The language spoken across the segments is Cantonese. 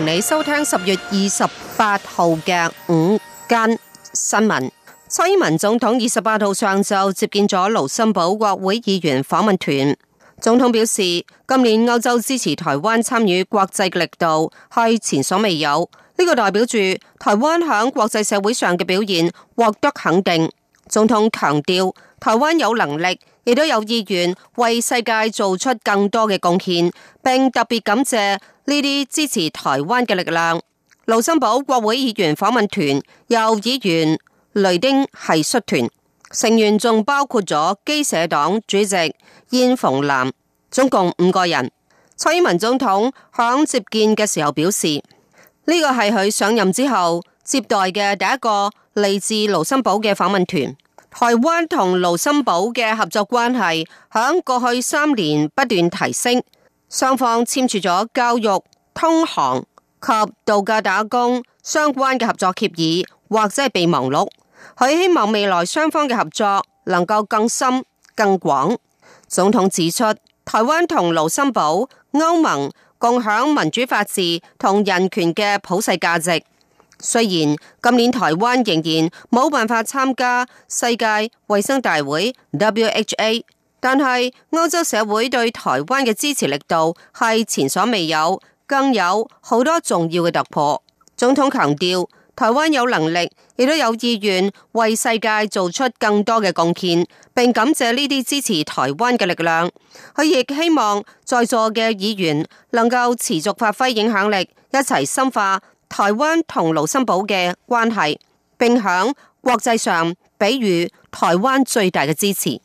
同你收聽十月二十八號嘅午間新聞。蔡英文總統二十八號上晝接見咗盧森堡國會議員訪問團。總統表示，今年歐洲支持台灣參與國際嘅力度係前所未有，呢個代表住台灣響國際社會上嘅表現獲得肯定。總統強調，台灣有能力亦都有意願為世界做出更多嘅貢獻，並特別感謝。呢啲支持台灣嘅力量，盧森堡國會議員訪問團由議員雷丁係率團，成員仲包括咗基社黨主席燕逢南，總共五個人。蔡英文總統響接見嘅時候表示，呢個係佢上任之後接待嘅第一個嚟自盧森堡嘅訪問團。台灣同盧森堡嘅合作關係響過去三年不斷提升。雙方簽署咗教育、通航及度假打工相關嘅合作協議或者係備忘錄。佢希望未來雙方嘅合作能夠更深更廣。總統指出，台灣同盧森堡、歐盟共享民主法治同人權嘅普世價值。雖然今年台灣仍然冇辦法參加世界衛生大會 （WHA）。但係歐洲社會對台灣嘅支持力度係前所未有，更有好多重要嘅突破。總統強調，台灣有能力，亦都有意願為世界做出更多嘅貢獻，並感謝呢啲支持台灣嘅力量。佢亦希望在座嘅議員能夠持續發揮影響力，一齊深化台灣同盧森堡嘅關係，並響國際上俾予台灣最大嘅支持。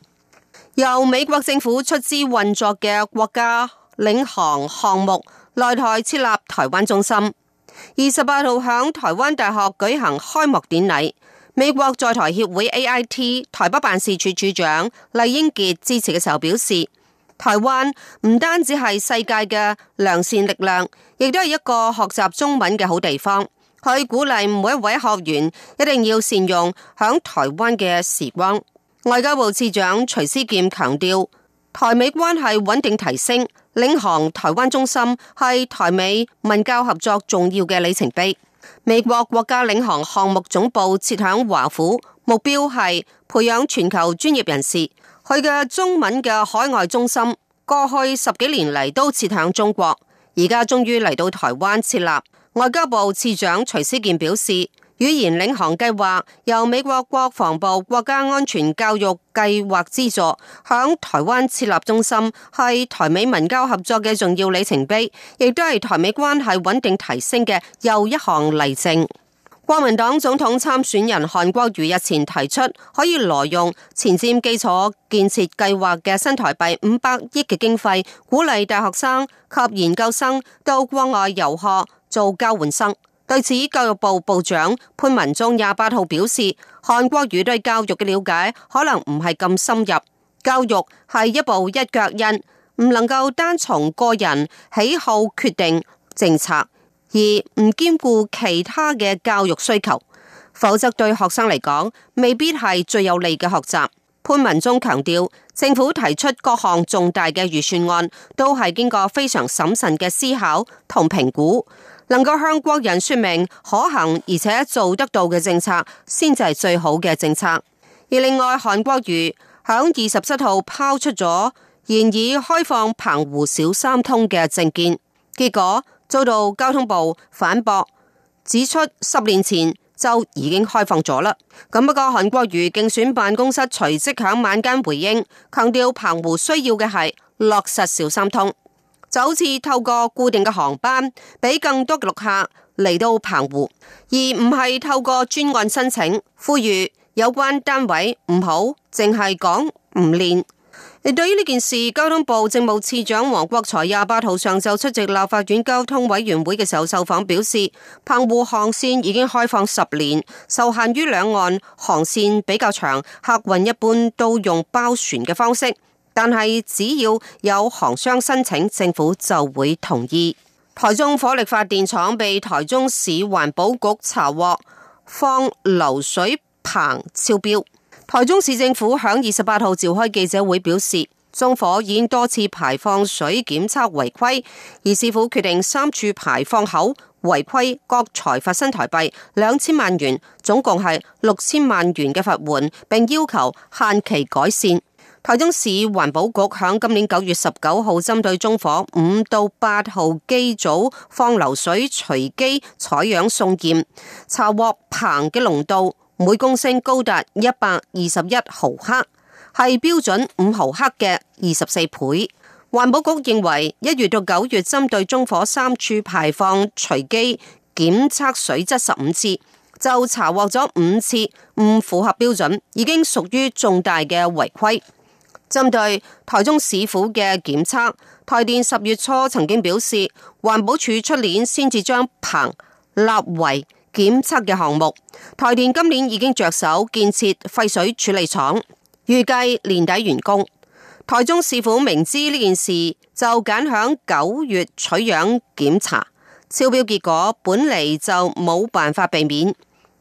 由美國政府出資運作嘅國家領航項目，內台設立台灣中心。二十八號響臺灣大學舉行開幕典禮，美國在台協會 AIT 台北辦事處處長厲英傑支持嘅時候表示，台灣唔單止係世界嘅良善力量，亦都係一個學習中文嘅好地方。佢鼓勵每一位學員一定要善用響台灣嘅時光。外交部次長徐思健強調，台美關係穩定提升，領航台灣中心係台美文教合作重要嘅里程碑。美國國家領航項目總部設響華府，目標係培養全球專業人士。佢嘅中文嘅海外中心過去十幾年嚟都設響中國，而家終於嚟到台灣設立。外交部次長徐思健表示。語言領航計劃由美國國防部國家安全教育計劃資助，響台灣設立中心，係台美文教合作嘅重要里程碑，亦都係台美關係穩定提升嘅又一項例證。國民黨總統參選人韓國瑜日前提出，可以挪用前瞻基礎建設計劃嘅新台幣五百億嘅經費，鼓勵大學生及研究生到國外遊學做交換生。對此，教育部部長潘文忠廿八號表示，韓國瑜對教育嘅了解可能唔係咁深入。教育係一步一腳印，唔能夠單從個人喜好決定政策，而唔兼顧其他嘅教育需求，否則對學生嚟講未必係最有利嘅學習。潘文忠強調，政府提出各項重大嘅預算案，都係經過非常審慎嘅思考同評估。能夠向國人說明可行而且做得到嘅政策，先至係最好嘅政策。而另外，韓國瑜響二十七號拋出咗現已開放澎湖小三通嘅政見，結果遭到交通部反駁，指出十年前就已經開放咗啦。咁不過韓國瑜競選辦公室隨即響晚間回應，強調澎湖需要嘅係落實小三通。首次透過固定嘅航班，俾更多嘅陸客嚟到澎湖，而唔係透過專案申請。呼籲有關單位唔好淨係講唔練。你對於呢件事。交通部政務次長王國材廿八號上晝出席立法院交通委員會嘅時候，受訪表示，澎湖航線已經開放十年，受限於兩岸航線比較長，客運一般都用包船嘅方式。但係，只要有航商申請，政府就會同意。台中火力發電廠被台中市環保局查獲放流水硼超標。台中市政府響二十八號召開記者會，表示中火已經多次排放水檢測違規，而市府決定三處排放口違規各裁罰新台幣兩千萬元，總共係六千萬元嘅罰款，並要求限期改善。台中市環保局響今年九月十九號針對中火五到八號機組放流水隨機採樣送檢，查獲硼嘅濃度每公升高達一百二十一毫克，係標準五毫克嘅二十四倍。環保局認為一月到九月針對中火三處排放隨機檢測水質十五次，就查獲咗五次唔符合標準，已經屬於重大嘅違規。針對台中市府嘅檢測，台電十月初曾經表示，環保署出年先至將硼列為檢測嘅項目。台電今年已經着手建設廢水處理廠，預計年底完工。台中市府明知呢件事，就揀響九月取樣檢查，超標結果本嚟就冇辦法避免。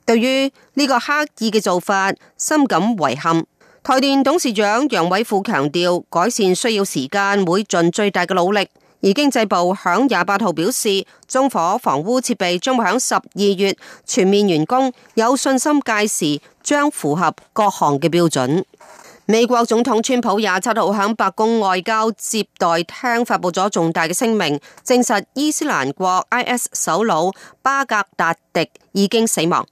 對於呢個刻意嘅做法，深感遺憾。台電董事長楊偉富強調，改善需要時間，會盡最大嘅努力。而經濟部響廿八號表示，中火防污設備將會響十二月全面完工，有信心屆時將符合各項嘅標準。美國總統川普廿七號響白宮外交接待廳發布咗重大嘅聲明，證實伊斯蘭國 IS 首腦巴格達迪已經死亡。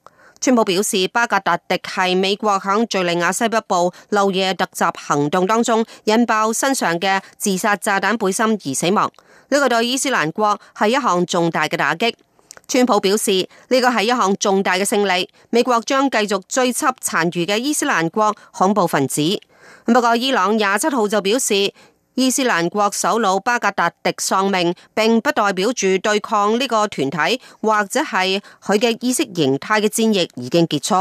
川普表示，巴格達迪係美國響敘利亞西北部漏夜突襲行動當中，引爆身上嘅自殺炸彈背心而死亡。呢個對伊斯蘭國係一項重大嘅打擊。川普表示，呢個係一項重大嘅勝利，美國將繼續追緝殘餘嘅伊斯蘭國恐怖分子。不過，伊朗廿七號就表示，伊斯蘭國首腦巴格達迪喪命，並不代表住對抗呢個團體或者係佢嘅意識形態嘅戰役已經結束。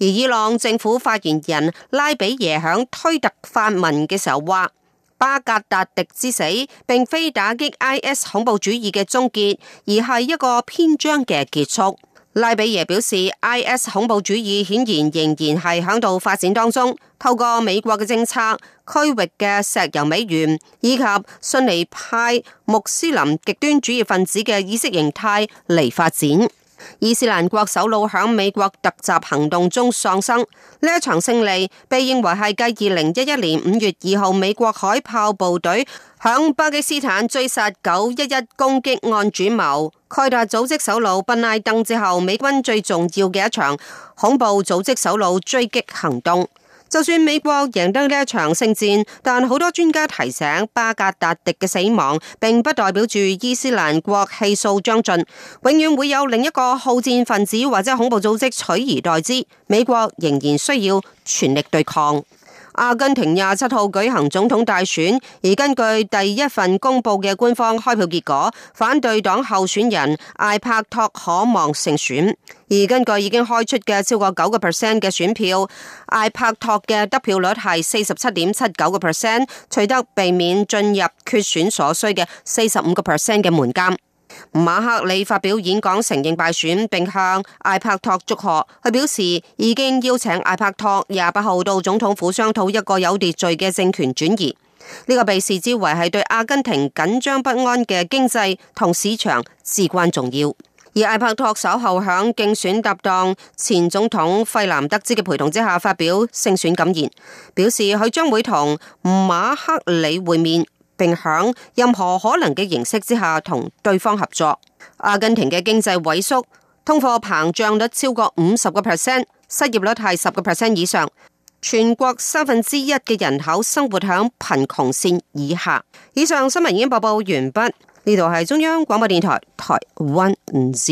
而伊朗政府發言人拉比耶響推特發文嘅時候話，巴格達迪之死並非打擊 IS 恐怖主義嘅終結，而係一個篇章嘅結束。拉比耶表示，I S 恐怖主義顯然仍然係響度發展當中，透過美國嘅政策、區域嘅石油美元以及遜尼派穆斯林極端主義分子嘅意識形態嚟發展。伊斯蘭國首腦響美國突襲行動中喪生，呢一場勝利被認為係繼二零一一年五月二號美國海豹部隊。喺巴基斯坦追殺九一一攻擊案主謀蓋達組織首腦賓拉登之後，美軍最重要嘅一場恐怖組織首腦追擊行動。就算美國贏得呢一場勝戰，但好多專家提醒，巴格達迪嘅死亡並不代表住伊斯蘭國氣數將盡，永遠會有另一個好戰分子或者恐怖組織取而代之。美國仍然需要全力對抗。阿根廷廿七號舉行總統大選，而根據第一份公布嘅官方開票結果，反對黨候選人艾柏托可望勝選。而根據已經開出嘅超過九個 percent 嘅選票，艾柏托嘅得票率係四十七點七九個 percent，取得避免進入決選所需嘅四十五個 percent 嘅門檻。馬克里發表演講承認敗選，並向艾柏托祝賀。佢表示已經邀請艾柏托廿八號到總統府商討一個有秩序嘅政權轉移。呢個被視之為係對阿根廷緊張不安嘅經濟同市場至關重要。而艾柏托稍後喺競選搭檔前總統費南德茲嘅陪同之下發表勝選感言，表示佢將會同馬克里會面。並響任何可能嘅形式之下同對方合作。阿根廷嘅經濟萎縮，通貨膨脹率超過五十個 percent，失業率係十個 percent 以上，全國三分之一嘅人口生活喺貧窮線以下。以上新聞已經播報，報完畢，呢度係中央廣播電台台灣五節。